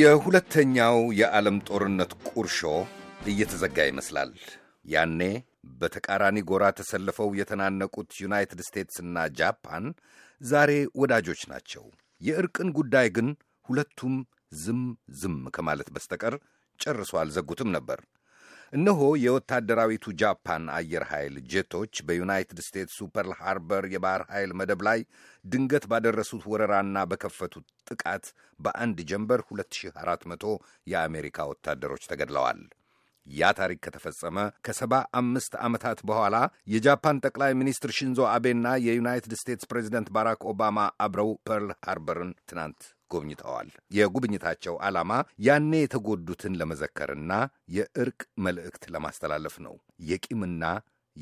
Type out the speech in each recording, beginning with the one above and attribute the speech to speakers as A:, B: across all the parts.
A: የሁለተኛው የዓለም ጦርነት ቁርሾ እየተዘጋ ይመስላል። ያኔ በተቃራኒ ጎራ ተሰልፈው የተናነቁት ዩናይትድ ስቴትስና ጃፓን ዛሬ ወዳጆች ናቸው። የእርቅን ጉዳይ ግን ሁለቱም ዝም ዝም ከማለት በስተቀር ጨርሶ አልዘጉትም ነበር። እነሆ የወታደራዊቱ ጃፓን አየር ኃይል ጄቶች በዩናይትድ ስቴትሱ ፐርል ሃርበር የባህር ኃይል መደብ ላይ ድንገት ባደረሱት ወረራና በከፈቱት ጥቃት በአንድ ጀንበር 2400 የአሜሪካ ወታደሮች ተገድለዋል። ያ ታሪክ ከተፈጸመ ከሰባ አምስት ዓመታት በኋላ የጃፓን ጠቅላይ ሚኒስትር ሽንዞ አቤና የዩናይትድ ስቴትስ ፕሬዚደንት ባራክ ኦባማ አብረው ፐርል ሃርበርን ትናንት ጎብኝተዋል። የጉብኝታቸው ዓላማ ያኔ የተጎዱትን ለመዘከርና የእርቅ መልእክት ለማስተላለፍ ነው። የቂምና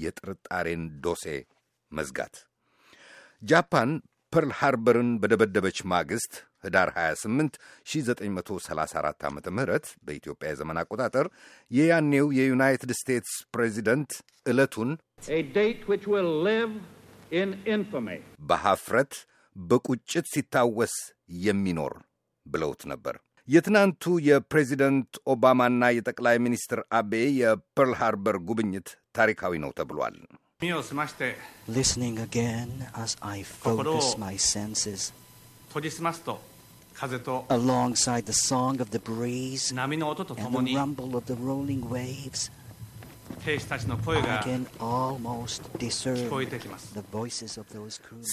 A: የጥርጣሬን ዶሴ መዝጋት። ጃፓን ፐርል ሃርበርን በደበደበች ማግስት ህዳር 28 1934 ዓ ም በኢትዮጵያ የዘመን አቆጣጠር የያኔው የዩናይትድ ስቴትስ ፕሬዚደንት ዕለቱን በሐፍረት በቁጭት ሲታወስ የሚኖር ብለውት ነበር። የትናንቱ የፕሬዚደንት ኦባማና የጠቅላይ ሚኒስትር አቤ የፐርል ሃርበር ጉብኝት ታሪካዊ ነው ተብሏል። alongside the song of the breeze and the rumble of the rolling waves 兵士たちの声が聞こえてきます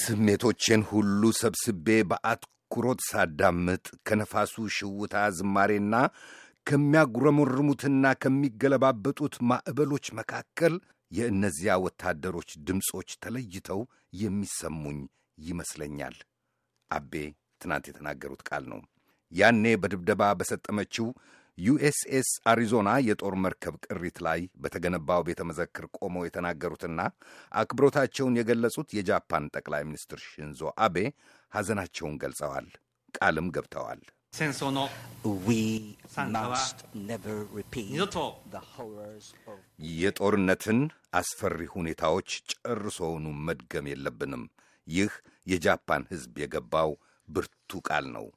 A: ስሜቶቼን ሁሉ ሰብስቤ በአትኩሮት ሳዳምጥ ከነፋሱ ሽውታ ዝማሬና ከሚያጉረመርሙትና ከሚገለባበጡት ማዕበሎች መካከል የእነዚያ ወታደሮች ድምፆች ተለይተው የሚሰሙኝ ይመስለኛል። አቤ ትናንት የተናገሩት ቃል ነው። ያኔ በድብደባ በሰጠመችው ዩኤስኤስ አሪዞና የጦር መርከብ ቅሪት ላይ በተገነባው ቤተ መዘክር ቆመው የተናገሩትና አክብሮታቸውን የገለጹት የጃፓን ጠቅላይ ሚኒስትር ሽንዞ አቤ ሐዘናቸውን ገልጸዋል፣ ቃልም ገብተዋል። የጦርነትን አስፈሪ ሁኔታዎች ጨርሶውኑ መድገም የለብንም። ይህ የጃፓን ሕዝብ የገባው ብርቱ ቃል ነው።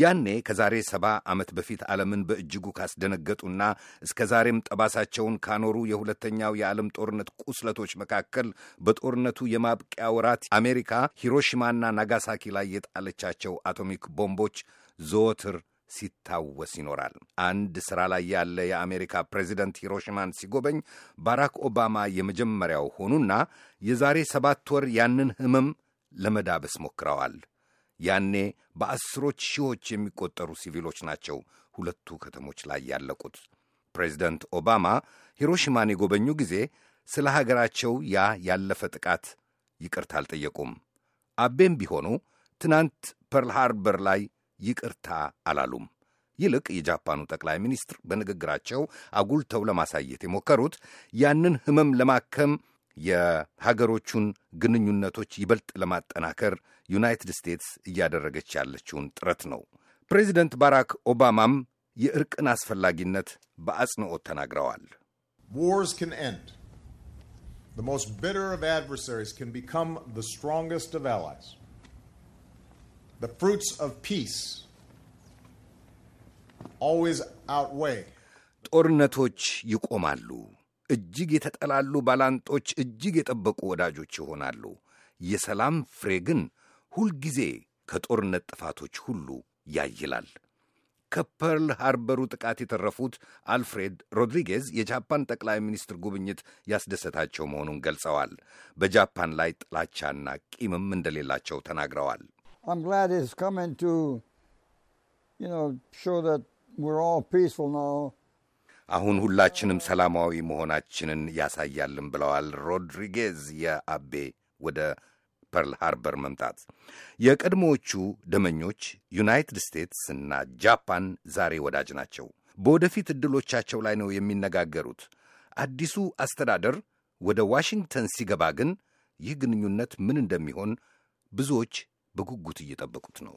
A: ያኔ ከዛሬ ሰባ ዓመት በፊት ዓለምን በእጅጉ ካስደነገጡና እስከ ዛሬም ጠባሳቸውን ካኖሩ የሁለተኛው የዓለም ጦርነት ቁስለቶች መካከል በጦርነቱ የማብቂያ ወራት አሜሪካ ሂሮሺማና ናጋሳኪ ላይ የጣለቻቸው አቶሚክ ቦምቦች ዘወትር ሲታወስ ይኖራል። አንድ ሥራ ላይ ያለ የአሜሪካ ፕሬዚደንት ሂሮሽማን ሲጎበኝ ባራክ ኦባማ የመጀመሪያው ሆኑና የዛሬ ሰባት ወር ያንን ህመም ለመዳበስ ሞክረዋል። ያኔ በአስሮች ሺዎች የሚቆጠሩ ሲቪሎች ናቸው ሁለቱ ከተሞች ላይ ያለቁት። ፕሬዚደንት ኦባማ ሂሮሽማን የጎበኙ ጊዜ ስለ ሀገራቸው ያ ያለፈ ጥቃት ይቅርታ አልጠየቁም። አቤም ቢሆኑ ትናንት ፐርል ሃርበር ላይ ይቅርታ አላሉም። ይልቅ የጃፓኑ ጠቅላይ ሚኒስትር በንግግራቸው አጉልተው ለማሳየት የሞከሩት ያንን ሕመም ለማከም የሀገሮቹን ግንኙነቶች ይበልጥ ለማጠናከር ዩናይትድ ስቴትስ እያደረገች ያለችውን ጥረት ነው። ፕሬዚደንት ባራክ ኦባማም የእርቅን አስፈላጊነት በአጽንኦት ተናግረዋል። ጦርነቶች ይቆማሉ። እጅግ የተጠላሉ ባላንጦች፣ እጅግ የጠበቁ ወዳጆች ይሆናሉ። የሰላም ፍሬ ግን ሁልጊዜ ከጦርነት ጥፋቶች ሁሉ ያይላል። ከፐርል ሃርበሩ ጥቃት የተረፉት አልፍሬድ ሮድሪጌዝ የጃፓን ጠቅላይ ሚኒስትር ጉብኝት ያስደሰታቸው መሆኑን ገልጸዋል። በጃፓን ላይ ጥላቻና ቂምም እንደሌላቸው ተናግረዋል። I'm አሁን ሁላችንም ሰላማዊ መሆናችንን ያሳያልም ብለዋል ሮድሪጌዝ የአቤ ወደ ፐርል ሃርበር መምጣት። የቀድሞዎቹ ደመኞች ዩናይትድ ስቴትስ እና ጃፓን ዛሬ ወዳጅ ናቸው። በወደፊት ዕድሎቻቸው ላይ ነው የሚነጋገሩት። አዲሱ አስተዳደር ወደ ዋሽንግተን ሲገባ ግን ይህ ግንኙነት ምን እንደሚሆን ብዙዎች በጉጉት እየጠበቁት ነው።